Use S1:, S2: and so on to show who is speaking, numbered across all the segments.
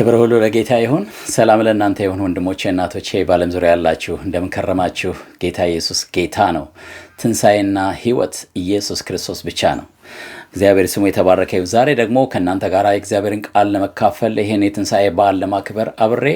S1: ክብር ሁሉ ለጌታ ይሁን። ሰላም ለእናንተ ይሁን ወንድሞቼ፣ እናቶቼ በዓለም ዙሪያ ያላችሁ እንደምንከረማችሁ። ጌታ ኢየሱስ ጌታ ነው። ትንሣኤና ሕይወት ኢየሱስ ክርስቶስ ብቻ ነው። እግዚአብሔር ስሙ የተባረከ ይሁን። ዛሬ ደግሞ ከእናንተ ጋር የእግዚአብሔርን ቃል ለመካፈል ይህን የትንሣኤ በዓል ለማክበር አብሬ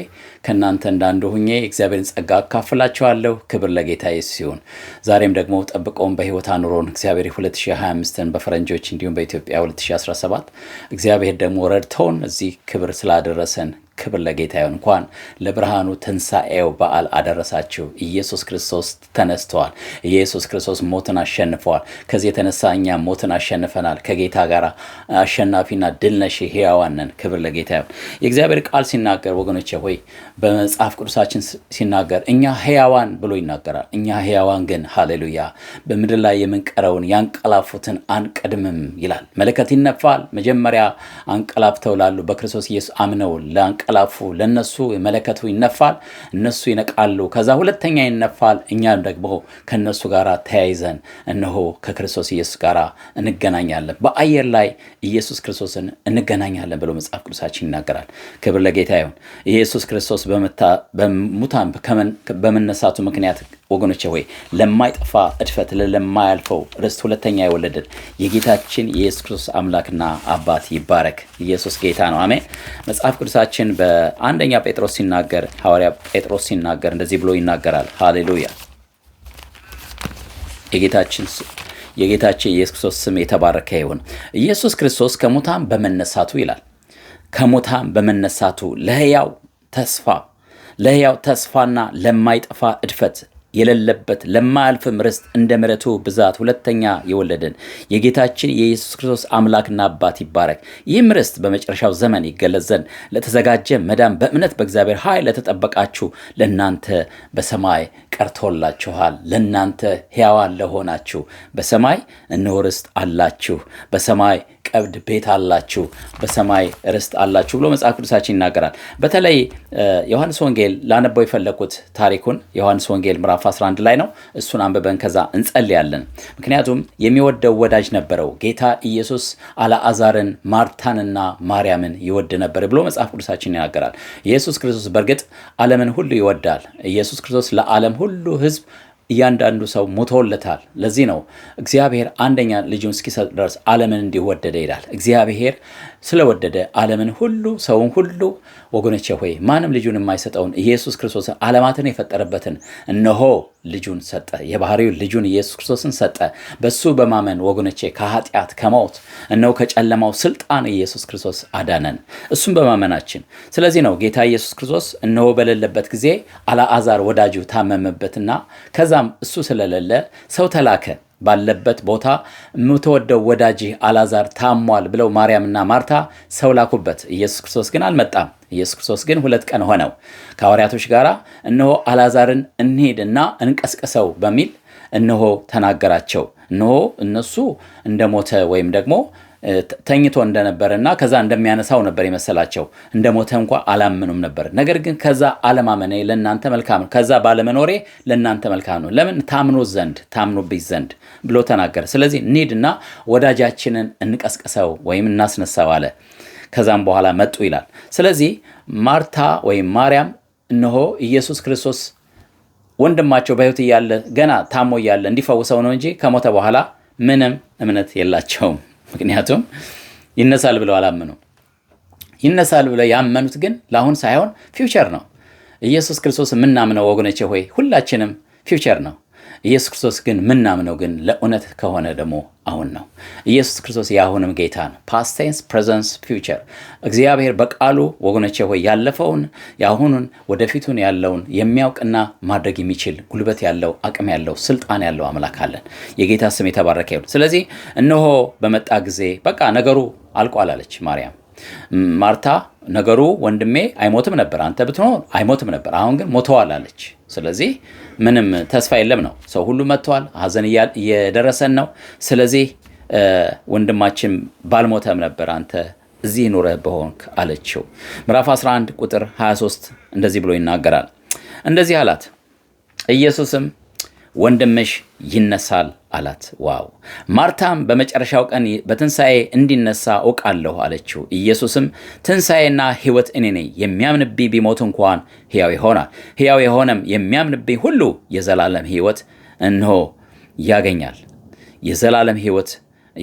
S1: ከእናንተ እንዳንዱ ሁኜ የእግዚአብሔርን ጸጋ አካፍላችኋለሁ። ክብር ለጌታ ኢየሱስ ይሁን። ዛሬም ደግሞ ጠብቀውን በሕይወት አኑሮን እግዚአብሔር 2025ን በፈረንጆች እንዲሁም በኢትዮጵያ 2017 እግዚአብሔር ደግሞ ረድተውን እዚህ ክብር ስላደረሰን ክብር ለጌታ ይሁን። እንኳን ለብርሃኑ ትንሣኤው በዓል አደረሳችሁ። ኢየሱስ ክርስቶስ ተነስተዋል። ኢየሱስ ክርስቶስ ሞትን አሸንፈዋል። ከዚህ የተነሳ እኛ ሞትን አሸንፈናል። ከጌታ ጋር አሸናፊና ድል ነሽ ሕያዋን ነን። ክብር ለጌታ ይሁን። የእግዚአብሔር ቃል ሲናገር ወገኖቼ ሆይ በመጽሐፍ ቅዱሳችን ሲናገር እኛ ሕያዋን ብሎ ይናገራል። እኛ ሕያዋን ግን ሃሌሉያ በምድር ላይ የምንቀረውን ያንቀላፉትን አንቀድምም ይላል። መለከት ይነፋል። መጀመሪያ አንቀላፍተው ላሉ በክርስቶስ ኢየሱስ አምነው ለአንቀ የሚንቀላፉ ለነሱ መለከቱ ይነፋል፣ እነሱ ይነቃሉ። ከዛ ሁለተኛ ይነፋል። እኛም ደግሞ ከነሱ ጋር ተያይዘን እነሆ ከክርስቶስ ኢየሱስ ጋር እንገናኛለን። በአየር ላይ ኢየሱስ ክርስቶስን እንገናኛለን ብሎ መጽሐፍ ቅዱሳችን ይናገራል። ክብር ለጌታ ይሁን። ኢየሱስ ክርስቶስ በሙታን በመነሳቱ ምክንያት ወገኖች ሆይ ለማይጠፋ እድፈት ለማያልፈው ርስት ሁለተኛ የወለደን የጌታችን የኢየሱስ ክርስቶስ አምላክና አባት ይባረክ። ኢየሱስ ጌታ ነው። አሜን። መጽሐፍ ቅዱሳችን በአንደኛ ጴጥሮስ ሲናገር ሐዋርያ ጴጥሮስ ሲናገር እንደዚህ ብሎ ይናገራል። ሃሌሉያ የጌታችን የጌታችን ኢየሱስ ክርስቶስ ስም የተባረከ ይሁን። ኢየሱስ ክርስቶስ ከሙታን በመነሳቱ ይላል ከሙታን በመነሳቱ ለሕያው ተስፋ ለሕያው ተስፋና ለማይጠፋ እድፈት የሌለበት ለማያልፍም ርስት እንደ ምረቱ ብዛት ሁለተኛ የወለደን የጌታችን የኢየሱስ ክርስቶስ አምላክና አባት ይባረክ። ይህም ርስት በመጨረሻው ዘመን ይገለጽ ዘንድ ለተዘጋጀ መዳን በእምነት በእግዚአብሔር ኃይል ለተጠበቃችሁ ለእናንተ በሰማይ ቀርቶላችኋል። ለእናንተ ሕያዋን ለሆናችሁ በሰማይ እነሆ ርስት አላችሁ በሰማይ ቀብድ ቤት አላችሁ፣ በሰማይ ርስት አላችሁ ብሎ መጽሐፍ ቅዱሳችን ይናገራል። በተለይ ዮሐንስ ወንጌል ላነበው የፈለግኩት ታሪኩን ዮሐንስ ወንጌል ምዕራፍ 11 ላይ ነው። እሱን አንብበን ከዛ እንጸልያለን። ምክንያቱም የሚወደው ወዳጅ ነበረው። ጌታ ኢየሱስ አልዓዛርን ማርታንና ማርያምን ይወድ ነበር ብሎ መጽሐፍ ቅዱሳችን ይናገራል። ኢየሱስ ክርስቶስ በእርግጥ ዓለምን ሁሉ ይወዳል። ኢየሱስ ክርስቶስ ለዓለም ሁሉ ሕዝብ እያንዳንዱ ሰው ሙቶለታል። ለዚህ ነው እግዚአብሔር አንደኛ ልጁን እስኪሰጥ ድረስ ዓለምን እንዲወደደ ይላል። እግዚአብሔር ስለወደደ ዓለምን ሁሉ ሰውን ሁሉ ወገኖቼ ሆይ ማንም ልጁን የማይሰጠውን ኢየሱስ ክርስቶስን ዓለማትን የፈጠረበትን እነሆ ልጁን ሰጠ። የባህሪው ልጁን ኢየሱስ ክርስቶስን ሰጠ። በሱ በማመን ወገኖቼ ከኃጢአት ከሞት እነሆ ከጨለማው ስልጣን ኢየሱስ ክርስቶስ አዳነን፣ እሱም በማመናችን። ስለዚህ ነው ጌታ ኢየሱስ ክርስቶስ እነሆ በሌለበት ጊዜ አልዓዛር ወዳጁ ታመመበትና ከዛም እሱ ስለሌለ ሰው ተላከ። ባለበት ቦታ የምትወደው ወዳጅህ አላዛር ታሟል ብለው ማርያምና ማርታ ሰው ላኩበት። ኢየሱስ ክርስቶስ ግን አልመጣም። ኢየሱስ ክርስቶስ ግን ሁለት ቀን ሆነው ከሐዋርያቶች ጋር እነሆ አላዛርን እንሄድና እንቀስቅሰው በሚል እነሆ ተናገራቸው። እነሆ እነሱ እንደሞተ ወይም ደግሞ ተኝቶ እንደነበር እና ከዛ እንደሚያነሳው ነበር የመሰላቸው። እንደ ሞተ እንኳ አላምኑም ነበር። ነገር ግን ከዛ አለማመኔ ለእናንተ መልካም ነው፣ ከዛ ባለመኖሬ ለእናንተ መልካም ነው። ለምን ታምኖ ዘንድ ታምኖብኝ ዘንድ ብሎ ተናገረ። ስለዚህ እንሂድና ወዳጃችንን እንቀስቅሰው ወይም እናስነሳው አለ። ከዛም በኋላ መጡ ይላል። ስለዚህ ማርታ ወይም ማርያም እነሆ ኢየሱስ ክርስቶስ ወንድማቸው በሕይወት እያለ ገና ታሞ እያለ እንዲፈውሰው ነው እንጂ ከሞተ በኋላ ምንም እምነት የላቸውም። ምክንያቱም ይነሳል ብለው አላመኑ ይነሳል ብለው ያመኑት ግን ለአሁን ሳይሆን ፊውቸር ነው። ኢየሱስ ክርስቶስ የምናምነው ወገኖቼ ሆይ ሁላችንም ፊውቸር ነው። ኢየሱስ ክርስቶስ ግን ምናምነው ግን ለእውነት ከሆነ ደግሞ አሁን ነው። ኢየሱስ ክርስቶስ የአሁንም ጌታ ነው። ፓስቴንስ ፕሬዘንስ ፊውቸር እግዚአብሔር በቃሉ ወገኖቼ ሆይ ያለፈውን የአሁኑን ወደፊቱን ያለውን የሚያውቅና ማድረግ የሚችል ጉልበት ያለው አቅም ያለው ስልጣን ያለው አምላክ አለን። የጌታ ስም የተባረከ ይሁን። ስለዚህ እነሆ በመጣ ጊዜ በቃ ነገሩ አልቋል አለች ማርያም። ማርታ ነገሩ ወንድሜ አይሞትም ነበር፣ አንተ ብትሆን አይሞትም ነበር፣ አሁን ግን ሞተዋል አለች። ስለዚህ ምንም ተስፋ የለም ነው። ሰው ሁሉ መጥተዋል፣ ሀዘን እየደረሰን ነው። ስለዚህ ወንድማችን ባልሞተም ነበር፣ አንተ እዚህ ኑረህ በሆንክ አለችው። ምዕራፍ 11 ቁጥር 23 እንደዚህ ብሎ ይናገራል። እንደዚህ አላት፣ ኢየሱስም ወንድምሽ ይነሳል አላት። ዋው! ማርታም በመጨረሻው ቀን በትንሣኤ እንዲነሳ አውቃለሁ አለችው። ኢየሱስም ትንሣኤና ሕይወት እኔ ነኝ፣ የሚያምንብኝ ቢሞት እንኳን ሕያው ይሆናል፣ ሕያው የሆነም የሚያምንብኝ ሁሉ የዘላለም ሕይወት እንሆ ያገኛል፣ የዘላለም ሕይወት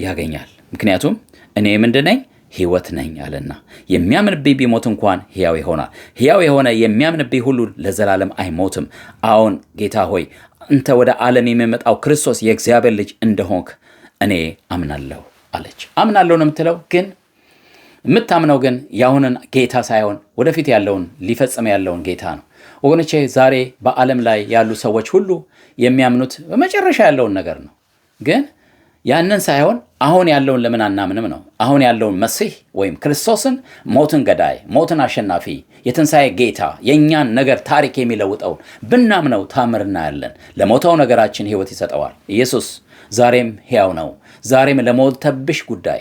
S1: ያገኛል። ምክንያቱም እኔ ምንድን ነኝ? ሕይወት ነኝ አለና የሚያምንብኝ ቢሞት እንኳን ሕያው ይሆናል። ሕያው የሆነ የሚያምንብኝ ሁሉ ለዘላለም አይሞትም። አዎን ጌታ ሆይ አንተ ወደ ዓለም የሚመጣው ክርስቶስ የእግዚአብሔር ልጅ እንደሆንክ እኔ አምናለሁ አለች። አምናለሁ ነው የምትለው ግን የምታምነው ግን የአሁንን ጌታ ሳይሆን ወደፊት ያለውን ሊፈጽም ያለውን ጌታ ነው። ወገኖቼ ዛሬ በዓለም ላይ ያሉ ሰዎች ሁሉ የሚያምኑት በመጨረሻ ያለውን ነገር ነው ግን ያንን ሳይሆን አሁን ያለውን ለምን አናምንም ነው። አሁን ያለውን መሲህ ወይም ክርስቶስን ሞትን ገዳይ፣ ሞትን አሸናፊ፣ የትንሣኤ ጌታ፣ የእኛን ነገር ታሪክ የሚለውጠውን ብናምነው ታምር እናያለን። ለሞተው ነገራችን ህይወት ይሰጠዋል። ኢየሱስ ዛሬም ሕያው ነው። ዛሬም ለሞተብሽ ጉዳይ፣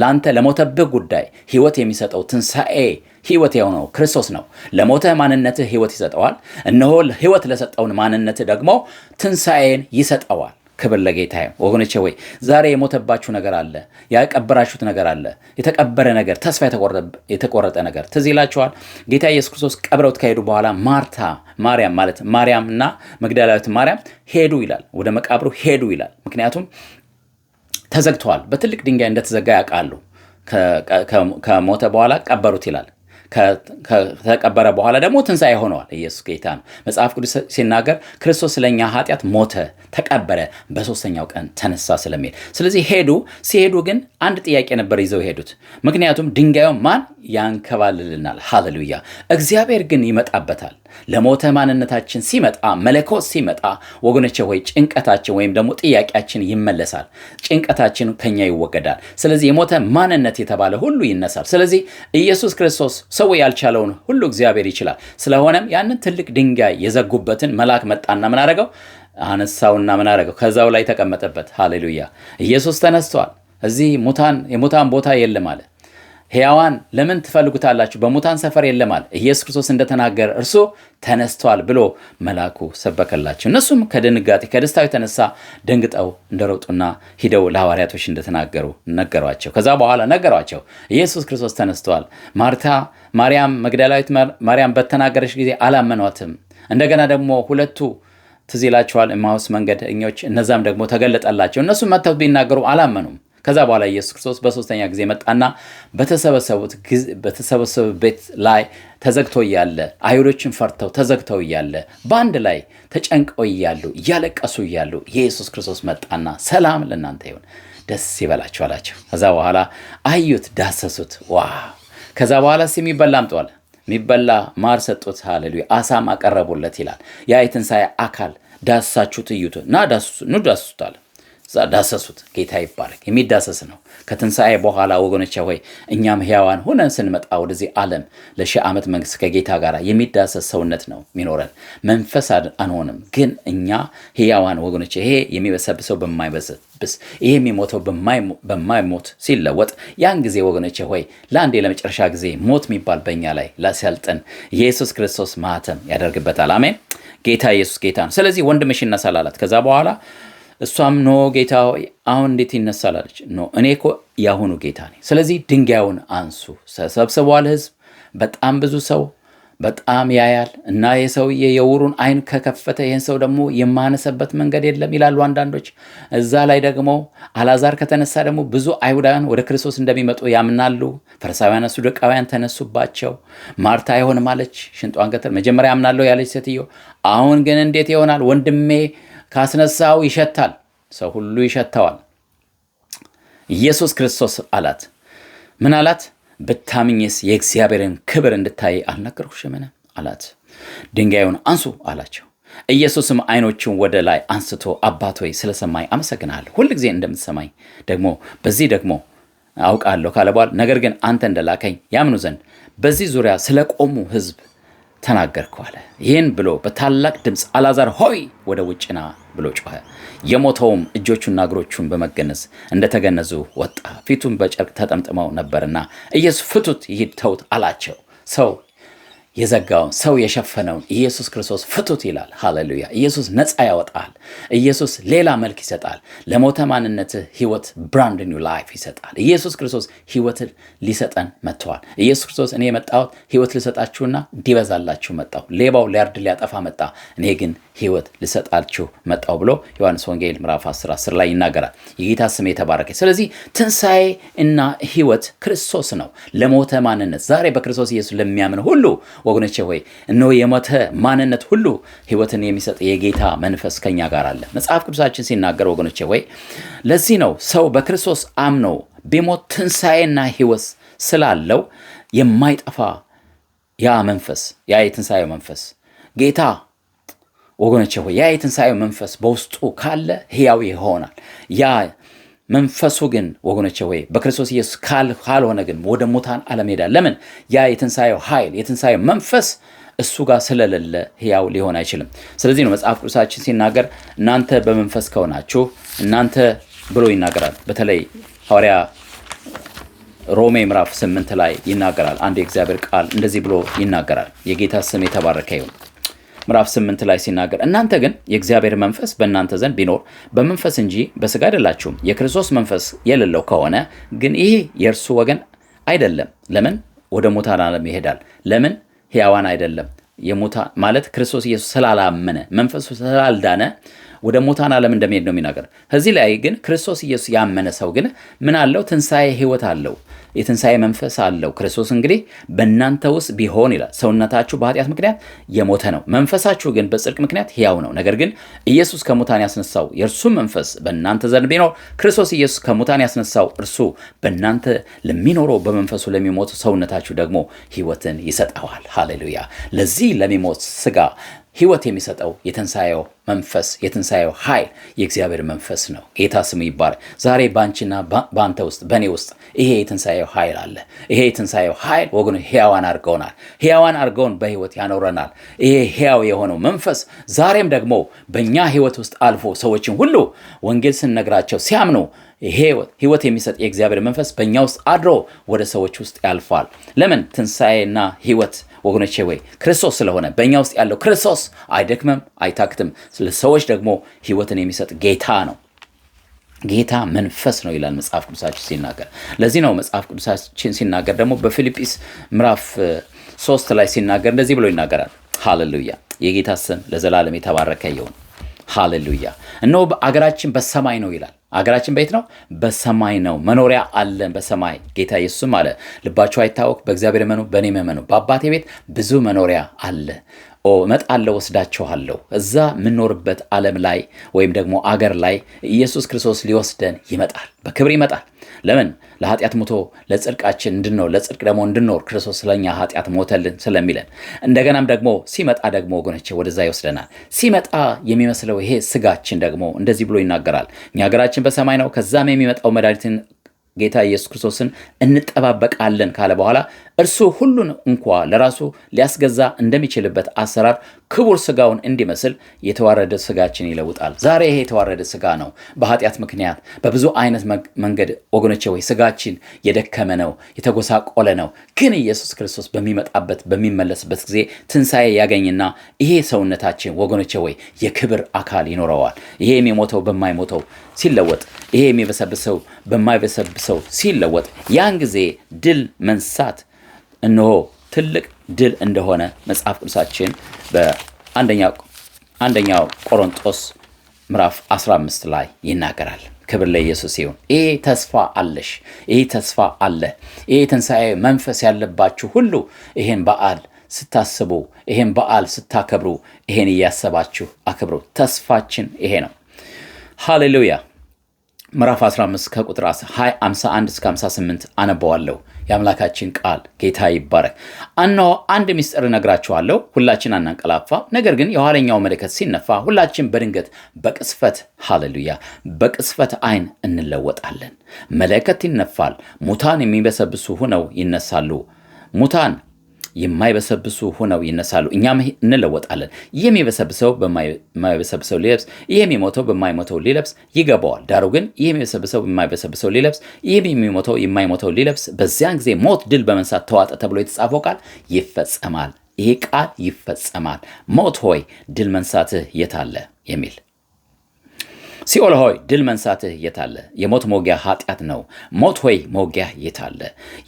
S1: ለአንተ ለሞተብህ ጉዳይ ሕይወት የሚሰጠው ትንሣኤ ሕይወት የሆነው ክርስቶስ ነው። ለሞተ ማንነትህ ሕይወት ይሰጠዋል። እነሆ ሕይወት ለሰጠውን ማንነትህ ደግሞ ትንሣኤን ይሰጠዋል። ክብር ለጌታ ወገኖቼ ወይ ዛሬ የሞተባችሁ ነገር አለ፣ ያቀበራችሁት ነገር አለ፣ የተቀበረ ነገር፣ ተስፋ የተቆረጠ ነገር ትዝ ይላችኋል። ጌታ ኢየሱስ ክርስቶስ ቀብረውት ከሄዱ በኋላ ማርታ ማርያም ማለት ማርያም እና መግደላዊት ማርያም ሄዱ ይላል፣ ወደ መቃብሩ ሄዱ ይላል። ምክንያቱም ተዘግተዋል። በትልቅ ድንጋይ እንደተዘጋ ያውቃሉ። ከሞተ በኋላ ቀበሩት ይላል። ከተቀበረ በኋላ ደግሞ ትንሣኤ ሆነዋል። ኢየሱስ ጌታ ነው። መጽሐፍ ቅዱስ ሲናገር ክርስቶስ ስለኛ ኃጢአት ሞተ፣ ተቀበረ፣ በሶስተኛው ቀን ተነሳ ስለሚል ስለዚህ ሄዱ። ሲሄዱ ግን አንድ ጥያቄ ነበር ይዘው ሄዱት። ምክንያቱም ድንጋዩ ማን ያንከባልልናል? ሃሌሉያ! እግዚአብሔር ግን ይመጣበታል። ለሞተ ማንነታችን ሲመጣ መለኮት ሲመጣ ወገኖቼ ሆይ ጭንቀታችን ወይም ደግሞ ጥያቄያችን ይመለሳል። ጭንቀታችን ከኛ ይወገዳል። ስለዚህ የሞተ ማንነት የተባለ ሁሉ ይነሳል። ስለዚህ ኢየሱስ ክርስቶስ ሰው ያልቻለውን ሁሉ እግዚአብሔር ይችላል። ስለሆነም ያንን ትልቅ ድንጋይ የዘጉበትን መልአክ መጣና ምን አረገው? አነሳውና ምን አረገው? ከዛው ላይ ተቀመጠበት። ሃሌሉያ! ኢየሱስ ተነስቷል። እዚህ ሙታን የሙታን ቦታ የለም አለ። ሕያዋን ለምን ትፈልጉታላችሁ? በሙታን ሰፈር የለማል። ኢየሱስ ክርስቶስ እንደተናገረ እርሱ ተነስቷል ብሎ መልአኩ ሰበከላቸው። እነሱም ከድንጋጤ ከደስታው የተነሳ ደንግጠው እንደሮጡና ሂደው ለሐዋርያቶች እንደተናገሩ ነገሯቸው። ከዛ በኋላ ነገሯቸው ኢየሱስ ክርስቶስ ተነስቷል። ማርታ ማርያም መግደላዊት ማርያም በተናገረች ጊዜ አላመኗትም። እንደገና ደግሞ ሁለቱ ትዝ ይላችኋል፣ ኤማሁስ መንገደኞች እነዛም ደግሞ ተገለጠላቸው። እነሱም መጥተው ቢናገሩ አላመኑም። ከዛ በኋላ ኢየሱስ ክርስቶስ በሶስተኛ ጊዜ መጣና በተሰበሰቡት ቤት ላይ ተዘግቶ እያለ አይሁዶችን ፈርተው ተዘግተው እያለ በአንድ ላይ ተጨንቀው እያሉ እያለቀሱ እያሉ የኢየሱስ ክርስቶስ መጣና ሰላም ለእናንተ ይሁን፣ ደስ ይበላቸው አላቸው። ከዛ በኋላ አዩት፣ ዳሰሱት። ዋ ከዛ በኋላ ስ የሚበላ አምጧል። የሚበላ ማር ሰጡት። ሃሌሉያ። አሳም አቀረቡለት ይላል። ያ አካል ዳሳችሁት፣ እዩት፣ እና ዳሱ፣ ኑ ዳሱታል ዳሰሱት። ጌታ ይባረክ። የሚዳሰስ ነው። ከትንሣኤ በኋላ ወገኖች ሆይ እኛም ሕያዋን ሆነን ስንመጣ ወደዚህ ዓለም ለሺህ ዓመት መንግሥት ከጌታ ጋር የሚዳሰስ ሰውነት ነው የሚኖረን። መንፈስ አንሆንም፣ ግን እኛ ሕያዋን ወገኖች፣ ይሄ የሚበሰብሰው በማይበሰብስ ይሄ የሚሞተው በማይሞት ሲለወጥ፣ ያን ጊዜ ወገኖች ሆይ ለአንዴ ለመጨረሻ ጊዜ ሞት የሚባል በእኛ ላይ ሲያልጥን ኢየሱስ ክርስቶስ ማኅተም ያደርግበታል። አሜን። ጌታ ኢየሱስ ጌታ ነው። ስለዚህ ወንድምሽን ሰላላት ከዛ በኋላ እሷም ኖ ጌታ ሆይ አሁን እንዴት ይነሳል አለች። ኖ እኔ እኮ የአሁኑ ጌታ ነኝ። ስለዚህ ድንጋዩን አንሱ። ተሰብስቧል ህዝብ፣ በጣም ብዙ ሰው በጣም ያያል እና የሰውዬ የውሩን አይን ከከፈተ ይህን ሰው ደግሞ የማነሰበት መንገድ የለም ይላሉ አንዳንዶች። እዛ ላይ ደግሞ አላዛር ከተነሳ ደግሞ ብዙ አይሁዳውያን ወደ ክርስቶስ እንደሚመጡ ያምናሉ። ፈሪሳውያንና ሰዱቃውያን ተነሱባቸው። ማርታ አይሆንም አለች። ሽንጧን መጀመሪያ ያምናለሁ ያለች ሴትዮ አሁን ግን እንዴት ይሆናል ወንድሜ ካስነሳው ይሸታል፣ ሰው ሁሉ ይሸተዋል። ኢየሱስ ክርስቶስ አላት። ምን አላት? ብታምኝስ የእግዚአብሔርን ክብር እንድታይ አልነገርኩሽምን? አላት። ድንጋዩን አንሱ አላቸው። ኢየሱስም አይኖቹን ወደ ላይ አንስቶ አባት ሆይ ስለ አመሰግናለሁ፣ ሁል ጊዜ እንደምትሰማኝ ደግሞ በዚህ ደግሞ አውቃለሁ ካለ በኋላ ነገር ግን አንተ እንደላከኝ ያምኑ ዘንድ በዚህ ዙሪያ ስለቆሙ ህዝብ ሕዝብ ተናገርኩ አለ። ይህን ብሎ በታላቅ ድምፅ አላዛር ሆይ ወደ ውጭና ብሎ ጮኸ። የሞተውም እጆቹና እግሮቹን በመገነዝ እንደተገነዙ ወጣ። ፊቱን በጨርቅ ተጠምጥመው ነበርና ኢየሱስ ፍቱት ይሂድ ተውት አላቸው። ሰው የዘጋውን ሰው የሸፈነውን ኢየሱስ ክርስቶስ ፍቱት ይላል። ሃሌሉያ! ኢየሱስ ነፃ ያወጣል። ኢየሱስ ሌላ መልክ ይሰጣል። ለሞተ ማንነትህ ህይወት ብራንድ ኒው ላይፍ ይሰጣል። ኢየሱስ ክርስቶስ ህይወትን ሊሰጠን መጥተዋል። ኢየሱስ ክርስቶስ እኔ የመጣሁት ህይወት ልሰጣችሁና እንዲበዛላችሁ መጣሁ፣ ሌባው ሊያርድ ሊያጠፋ መጣ፣ እኔ ግን ህይወት ልሰጣችሁ መጣሁ ብሎ ዮሐንስ ወንጌል ምዕራፍ 10 10 ላይ ይናገራል። የጌታ ስም የተባረከ። ስለዚህ ትንሣኤ እና ህይወት ክርስቶስ ነው። ለሞተ ማንነት ዛሬ በክርስቶስ ኢየሱስ ለሚያምን ሁሉ ወገኖቼ ሆይ እነሆ የሞተ ማንነት ሁሉ ህይወትን የሚሰጥ የጌታ መንፈስ ከኛ ጋር አለ። መጽሐፍ ቅዱሳችን ሲናገር ወገኖቼ ሆይ ለዚህ ነው ሰው በክርስቶስ አምኖ ቢሞት ትንሣኤና ህይወት ስላለው የማይጠፋ ያ መንፈስ ያ የትንሣኤው መንፈስ ጌታ ወገኖቼ ሆይ ያ የትንሣኤው መንፈስ በውስጡ ካለ ህያው ይሆናል ያ መንፈሱ ግን ወገኖቼ ወይ በክርስቶስ ኢየሱስ ካልሆነ ግን ወደ ሙታን ዓለም ለምን? ያ የትንሣኤው ኃይል የትንሣኤው መንፈስ እሱ ጋር ስለሌለ ሕያው ሊሆን አይችልም። ስለዚህ ነው መጽሐፍ ቅዱሳችን ሲናገር እናንተ በመንፈስ ከሆናችሁ እናንተ ብሎ ይናገራል። በተለይ ሐዋርያ ሮሜ ምዕራፍ ስምንት ላይ ይናገራል። አንድ የእግዚአብሔር ቃል እንደዚህ ብሎ ይናገራል። የጌታ ስም የተባረከ ይሁን። ምዕራፍ 8 ላይ ሲናገር እናንተ ግን የእግዚአብሔር መንፈስ በእናንተ ዘንድ ቢኖር በመንፈስ እንጂ በስጋ አይደላችሁም። የክርስቶስ መንፈስ የሌለው ከሆነ ግን ይሄ የእርሱ ወገን አይደለም። ለምን ወደ ሙታን ዓለም ይሄዳል? ለምን ሕያዋን አይደለም? የሙታ ማለት ክርስቶስ ኢየሱስ ስላላመነ መንፈሱ ስላልዳነ ወደ ሙታን ዓለም እንደሚሄድ ነው የሚናገር። ከዚህ ላይ ግን ክርስቶስ ኢየሱስ ያመነ ሰው ግን ምን አለው? ትንሣኤ ህይወት አለው፣ የትንሣኤ መንፈስ አለው። ክርስቶስ እንግዲህ በእናንተ ውስጥ ቢሆን ይላል። ሰውነታችሁ በኃጢአት ምክንያት የሞተ ነው፣ መንፈሳችሁ ግን በጽድቅ ምክንያት ሕያው ነው። ነገር ግን ኢየሱስ ከሙታን ያስነሳው የእርሱ መንፈስ በእናንተ ዘንድ ቢኖር ክርስቶስ ኢየሱስ ከሙታን ያስነሳው እርሱ በእናንተ ለሚኖረው በመንፈሱ ለሚሞት ሰውነታችሁ ደግሞ ሕይወትን ይሰጠዋል። ሃሌሉያ ለዚህ ለሚሞት ስጋ ህይወት የሚሰጠው የትንሣኤው መንፈስ የትንሣኤው ኃይል የእግዚአብሔር መንፈስ ነው። ጌታ ስሙ ይባረክ። ዛሬ በአንቺና በአንተ ውስጥ በእኔ ውስጥ ይሄ የትንሣኤው ኃይል አለ። ይሄ የትንሣኤው ኃይል ወገኑ ሕያዋን አድርገውናል። ሕያዋን አድርገውን በህይወት ያኖረናል። ይሄ ሕያው የሆነው መንፈስ ዛሬም ደግሞ በእኛ ህይወት ውስጥ አልፎ ሰዎችን ሁሉ ወንጌል ስንነግራቸው ሲያምኑ ህይወት የሚሰጥ የእግዚአብሔር መንፈስ በእኛ ውስጥ አድሮ ወደ ሰዎች ውስጥ ያልፋል። ለምን ትንሣኤና ህይወት ወገኖቼ ወይ ክርስቶስ ስለሆነ በእኛ ውስጥ ያለው ክርስቶስ አይደክምም፣ አይታክትም። ለሰዎች ደግሞ ህይወትን የሚሰጥ ጌታ ነው። ጌታ መንፈስ ነው ይላል መጽሐፍ ቅዱሳችን ሲናገር። ለዚህ ነው መጽሐፍ ቅዱሳችን ሲናገር ደግሞ በፊልጵስ ምዕራፍ ሶስት ላይ ሲናገር እንደዚህ ብሎ ይናገራል። ሃሌሉያ! የጌታ ስም ለዘላለም የተባረከ ይሁን። ሃሌሉያ! እነሆ በአገራችን በሰማይ ነው ይላል አገራችን በየት ነው? በሰማይ ነው። መኖሪያ አለን በሰማይ ጌታ ኢየሱስም አለ ልባችሁ አይታወክ፣ በእግዚአብሔር መኑ፣ በእኔም መኑ፣ በአባቴ ቤት ብዙ መኖሪያ አለ። እመጣለሁ ወስዳችኋለሁ። እዛ የምንኖርበት ዓለም ላይ ወይም ደግሞ አገር ላይ ኢየሱስ ክርስቶስ ሊወስደን ይመጣል፣ በክብር ይመጣል። ለምን? ለኃጢአት ሞቶ ለጽድቃችን እንድንኖር፣ ለጽድቅ ደግሞ እንድንኖር ክርስቶስ ስለኛ ኃጢአት ሞተልን ስለሚለን፣ እንደገናም ደግሞ ሲመጣ ደግሞ ወገኖቼ ወደዛ ይወስደናል። ሲመጣ የሚመስለው ይሄ ስጋችን ደግሞ እንደዚህ ብሎ ይናገራል። እኛ ሀገራችን በሰማይ ነው፣ ከዛም የሚመጣው መድኃኒትን ጌታ ኢየሱስ ክርስቶስን እንጠባበቃለን ካለ በኋላ እርሱ ሁሉን እንኳ ለራሱ ሊያስገዛ እንደሚችልበት አሰራር ክቡር ስጋውን እንዲመስል የተዋረደ ስጋችን ይለውጣል። ዛሬ ይሄ የተዋረደ ስጋ ነው። በኃጢአት ምክንያት በብዙ አይነት መንገድ ወገኖቼ፣ ወይ ስጋችን የደከመ ነው፣ የተጎሳቆለ ነው። ግን ኢየሱስ ክርስቶስ በሚመጣበት በሚመለስበት ጊዜ ትንሣኤ ያገኝና ይሄ ሰውነታችን ወገኖቼ፣ ወይ የክብር አካል ይኖረዋል። ይሄም የሞተው በማይሞተው ሲለወጥ ይሄ የሚበሰብሰው በማይበሰብሰው ሲለወጥ ያን ጊዜ ድል መንሳት እነሆ ትልቅ ድል እንደሆነ መጽሐፍ ቅዱሳችን በአንደኛው ቆሮንጦስ ምዕራፍ 15 ላይ ይናገራል። ክብር ለኢየሱስ ይሁን። ይሄ ተስፋ አለሽ፣ ይሄ ተስፋ አለ። ይሄ ትንሣኤ መንፈስ ያለባችሁ ሁሉ ይሄን በዓል ስታስቡ፣ ይሄን በዓል ስታከብሩ፣ ይሄን እያሰባችሁ አክብሩ። ተስፋችን ይሄ ነው። ሃሌሉያ ምዕራፍ 15 ከቁጥር 51 እስከ 58 አነበዋለሁ። የአምላካችን ቃል ጌታ ይባረክ። እነሆ አንድ ሚስጥር እነግራችኋለሁ፣ ሁላችን አናንቀላፋ፣ ነገር ግን የኋለኛው መለከት ሲነፋ ሁላችን በድንገት በቅስፈት ሃሌሉያ፣ በቅስፈት አይን እንለወጣለን። መለከት ይነፋል፣ ሙታን የሚበሰብሱ ሆነው ይነሳሉ። ሙታን የማይበሰብሱ ሆነው ይነሳሉ፣ እኛም እንለወጣለን። ይህ የሚበሰብሰው በማይበሰብሰው ሊለብስ፣ ይህ የሚሞተው በማይሞተው ሊለብስ ይገባዋል። ዳሩ ግን ይህ የሚበሰብሰው በማይበሰብሰው ሊለብስ፣ ይህ የሚሞተው የማይሞተው ሊለብስ፣ በዚያን ጊዜ ሞት ድል በመንሳት ተዋጠ ተብሎ የተጻፈው ቃል ይፈጸማል። ይሄ ቃል ይፈጸማል። ሞት ሆይ ድል መንሳትህ የታለ የሚል ሲኦል ሆይ ድል መንሳትህ የታለ? የሞት መውጊያ ኃጢአት ነው። ሞት ሆይ መውጊያ የታለ?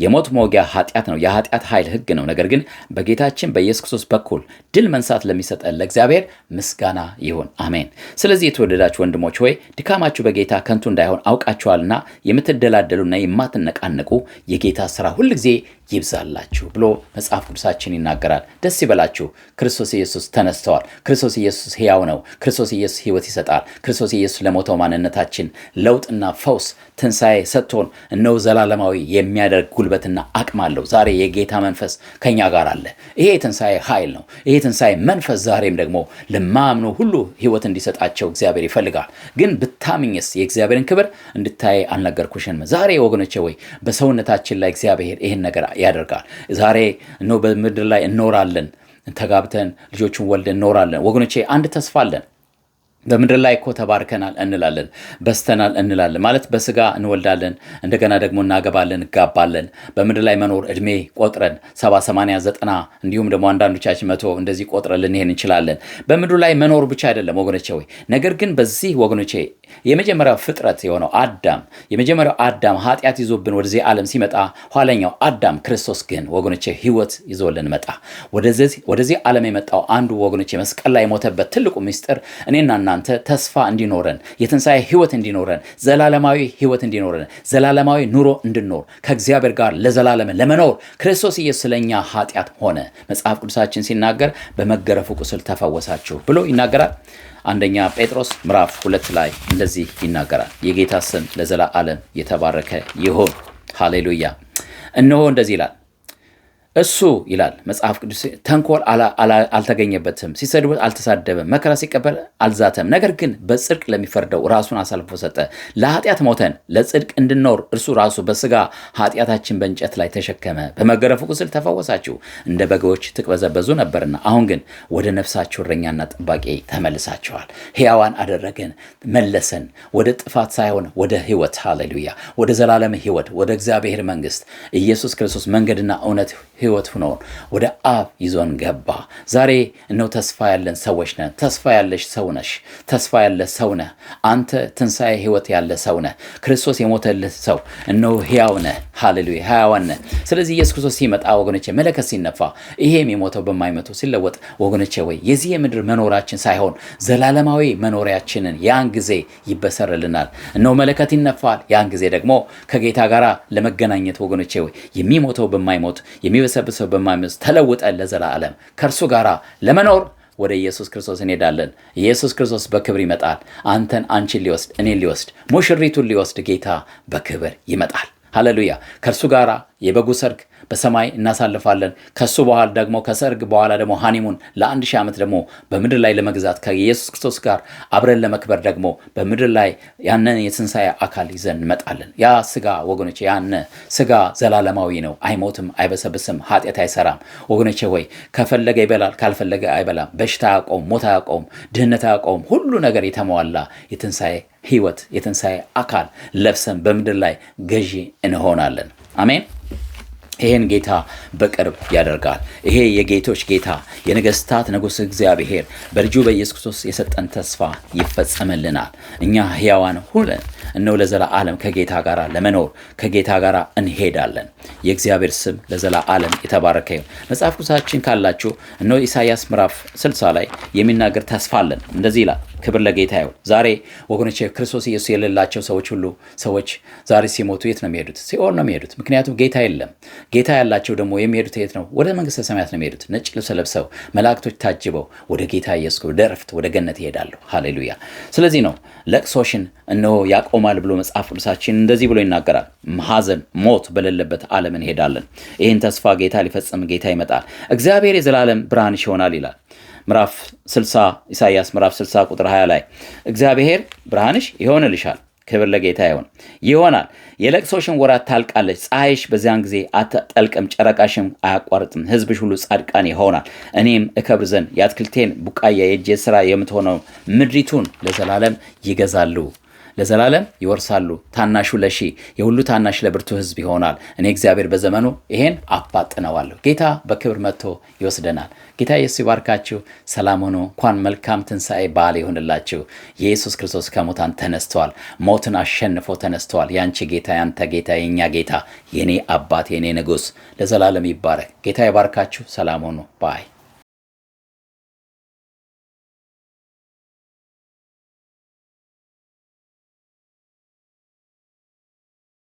S1: የሞት መውጊያ ኃጢአት ነው። የኃጢአት ኃይል ሕግ ነው። ነገር ግን በጌታችን በኢየሱስ ክርስቶስ በኩል ድል መንሳት ለሚሰጠን ለእግዚአብሔር ምስጋና ይሁን፣ አሜን። ስለዚህ የተወደዳችሁ ወንድሞች ሆይ ድካማችሁ በጌታ ከንቱ እንዳይሆን አውቃችኋልና የምትደላደሉና የማትነቃነቁ የጌታ ስራ ሁልጊዜ ይብዛላችሁ ብሎ መጽሐፍ ቅዱሳችን ይናገራል። ደስ ይበላችሁ። ክርስቶስ ኢየሱስ ተነስተዋል። ክርስቶስ ኢየሱስ ሕያው ነው። ክርስቶስ ኢየሱስ ሕይወት ይሰጣል። ክርስቶስ ኢየሱስ ለሞተው ማንነታችን ለውጥና ፈውስ ትንሣኤ ሰጥቶን እነው ዘላለማዊ የሚያደርግ ጉልበትና አቅም አለው። ዛሬ የጌታ መንፈስ ከኛ ጋር አለ። ይሄ ትንሣኤ ኃይል ነው። ይሄ ትንሣኤ መንፈስ ዛሬም ደግሞ ለማያምኑ ሁሉ ሕይወት እንዲሰጣቸው እግዚአብሔር ይፈልጋል። ግን ብታምኝስ የእግዚአብሔርን ክብር እንድታይ አልነገርኩሽንም? ዛሬ ወገኖቼ ወይ በሰውነታችን ላይ እግዚአብሔር ይህን ነገር ያደርጋል። ዛሬ በምድር ላይ እኖራለን ተጋብተን ልጆችን ወልደን እኖራለን ወገኖቼ አንድ ተስፋ አለን። በምድር ላይ እኮ ተባርከናል እንላለን፣ በስተናል እንላለን። ማለት በስጋ እንወልዳለን፣ እንደገና ደግሞ እናገባለን፣ እንጋባለን። በምድር ላይ መኖር እድሜ ቆጥረን ሰባ ሰማንያ ዘጠና እንዲሁም ደግሞ አንዳንዶቻችን መቶ እንደዚህ ቆጥረን ልንሄድ እንችላለን። በምድር ላይ መኖር ብቻ አይደለም ወገኖቼ ወይ ነገር ግን በዚህ ወገኖቼ የመጀመሪያው ፍጥረት የሆነው አዳም የመጀመሪያው አዳም ኃጢአት ይዞብን ወደዚህ ዓለም ሲመጣ፣ ኋለኛው አዳም ክርስቶስ ግን ወገኖቼ ህይወት ይዞልን መጣ። ወደዚህ ዓለም የመጣው አንዱ ወገኖቼ መስቀል ላይ የሞተበት ትልቁ ምስጢር እኔና እናንተ ተስፋ እንዲኖረን የትንሣኤ ህይወት እንዲኖረን ዘላለማዊ ህይወት እንዲኖረን ዘላለማዊ ኑሮ እንድኖር ከእግዚአብሔር ጋር ለዘላለም ለመኖር ክርስቶስ ኢየሱስ ስለኛ ኃጢአት ሆነ። መጽሐፍ ቅዱሳችን ሲናገር በመገረፉ ቁስል ተፈወሳችሁ ብሎ ይናገራል። አንደኛ ጴጥሮስ ምዕራፍ ሁለት ላይ እንደዚህ ይናገራል። የጌታ ስም ለዘላ ዓለም የተባረከ ይሁን። ሃሌሉያ። እነሆ እንደዚህ ይላል እሱ ይላል መጽሐፍ ቅዱስ ተንኮል አልተገኘበትም፣ ሲሰድቡት አልተሳደበም፣ መከራ ሲቀበል አልዛተም። ነገር ግን በጽድቅ ለሚፈርደው ራሱን አሳልፎ ሰጠ። ለኃጢአት ሞተን ለጽድቅ እንድንኖር እርሱ ራሱ በስጋ ኃጢአታችን በእንጨት ላይ ተሸከመ። በመገረፉ ቁስል ተፈወሳችሁ። እንደ በጎች ትቅበዘበዙ ነበርና አሁን ግን ወደ ነፍሳችሁ እረኛና ጠባቂ ተመልሳችኋል። ሕያዋን አደረገን፣ መለሰን፣ ወደ ጥፋት ሳይሆን ወደ ሕይወት ሃሌሉያ፣ ወደ ዘላለም ሕይወት፣ ወደ እግዚአብሔር መንግስት ኢየሱስ ክርስቶስ መንገድና እውነት ህይወት ሆነውን ወደ አብ ይዞን ገባ። ዛሬ እነው ተስፋ ያለን ሰዎች ነን። ተስፋ ያለሽ ሰው ነሽ። ተስፋ ያለ ሰው ነህ አንተ። ትንሣኤ ህይወት ያለ ሰው ነህ። ክርስቶስ የሞተልህ ሰው እነው ሕያው ነህ። ሃሌሉያ ሕያዋን ነህ። ስለዚህ ኢየሱስ ክርስቶስ ሲመጣ ወገኖቼ፣ መለከት ሲነፋ ይሄም የሞተው በማይመቱ ሲለወጥ ወገኖቼ፣ ወይ የዚህ የምድር መኖራችን ሳይሆን ዘላለማዊ መኖሪያችንን ያን ጊዜ ይበሰርልናል። እነው መለከት ይነፋል። ያን ጊዜ ደግሞ ከጌታ ጋር ለመገናኘት ወገኖቼ፣ ወይ የሚሞተው በማይሞት የሚ የሚበሰብሰው በማይመስ ተለውጠን ለዘላለም ከእርሱ ጋር ለመኖር ወደ ኢየሱስ ክርስቶስ እንሄዳለን። ኢየሱስ ክርስቶስ በክብር ይመጣል። አንተን አንቺን ሊወስድ እኔን ሊወስድ ሙሽሪቱን ሊወስድ ጌታ በክብር ይመጣል። ሃሌሉያ ከእርሱ ጋር የበጉ ሰርግ በሰማይ እናሳልፋለን። ከሱ በኋላ ደግሞ ከሰርግ በኋላ ደግሞ ሃኒሙን ለአንድ ሺህ ዓመት ደግሞ በምድር ላይ ለመግዛት ከኢየሱስ ክርስቶስ ጋር አብረን ለመክበር ደግሞ በምድር ላይ ያንን የትንሣኤ አካል ይዘን እንመጣለን። ያ ስጋ ወገኖች ያነ ስጋ ዘላለማዊ ነው። አይሞትም፣ አይበሰብስም፣ ኃጢአት አይሰራም። ወገኖቼ ወይ ከፈለገ ይበላል፣ ካልፈለገ አይበላም። በሽታ አያውቀውም፣ ሞት አያውቀውም፣ ድህነት አያውቀውም። ሁሉ ነገር የተሟላ የትንሣኤ ህይወት የትንሣኤ አካል ለብሰን በምድር ላይ ገዢ እንሆናለን። አሜን። ይሄን ጌታ በቅርብ ያደርጋል። ይሄ የጌቶች ጌታ የነገስታት ንጉሥ እግዚአብሔር በልጁ በኢየሱስ ክርስቶስ የሰጠን ተስፋ ይፈጸምልናል። እኛ ሕያዋን ሁለን እነው ዓለም ከጌታ ጋር ለመኖር ከጌታ ጋር እንሄዳለን። የእግዚአብሔር ስም ዓለም የተባረከ ይሁን። መጽሐፍ ቅዱሳችን ካላችሁ እነው ኢሳይያስ ምዕራፍ 60 ላይ የሚናገር ተስፋ አለን። እንደዚህ ይላል ክብር ለጌታ ይሁን። ዛሬ ወገኖች ክርስቶስ ኢየሱስ የሌላቸው ሰዎች ሁሉ ሰዎች ዛሬ ሲሞቱ የት ነው የሚሄዱት? ሲኦል ነው የሚሄዱት። ምክንያቱም ጌታ የለም። ጌታ ያላቸው ደግሞ የሚሄዱት የት ነው? ወደ መንግስተ ሰማያት ነው የሚሄዱት። ነጭ ልብስ ለብሰው መላእክቶች ታጅበው ወደ ጌታ ኢየሱስ ወደ እረፍት ወደ ገነት ይሄዳሉ። ሃሌሉያ። ስለዚህ ነው ለቅሶሽን እነሆ ያቆማል ብሎ መጽሐፍ ቅዱሳችን እንደዚህ ብሎ ይናገራል። ሐዘን፣ ሞት በሌለበት ዓለም እንሄዳለን። ይህን ተስፋ ጌታ ሊፈጽም ጌታ ይመጣል። እግዚአብሔር የዘላለም ብርሃንሽ ይሆናል ይላል። ምዕራፍ 60 ኢሳያስ ምዕራፍ 60 ቁጥር 20 ላይ እግዚአብሔር ብርሃንሽ ይሆንልሻል ክብር ለጌታ ይሆን ይሆናል። የለቅሶሽን ወራት ታልቃለች፣ ፀሐይሽ በዚያን ጊዜ አትጠልቅም፣ ጨረቃሽም አያቋርጥም። ሕዝብሽ ሁሉ ጻድቃን ይሆናል። እኔም እከብር ዘንድ የአትክልቴን ቡቃያ የእጄ ስራ የምትሆነው ምድሪቱን ለዘላለም ይገዛሉ ለዘላለም ይወርሳሉ። ታናሹ ለሺ የሁሉ ታናሽ ለብርቱ ህዝብ ይሆናል። እኔ እግዚአብሔር በዘመኑ ይሄን አፋጥነዋለሁ። ጌታ በክብር መጥቶ ይወስደናል። ጌታ ኢየሱስ ይባርካችሁ። ሰላም ሆኖ እንኳን መልካም ትንሣኤ በዓል ይሆንላችሁ። የኢየሱስ ክርስቶስ ከሙታን ተነስተዋል። ሞትን አሸንፎ ተነስተዋል። ያንቺ ጌታ፣ ያንተ ጌታ፣ የእኛ ጌታ፣ የኔ አባት፣ የኔ ንጉሥ ለዘላለም ይባረክ። ጌታ ይባርካችሁ። ሰላም ሆኖ ባይ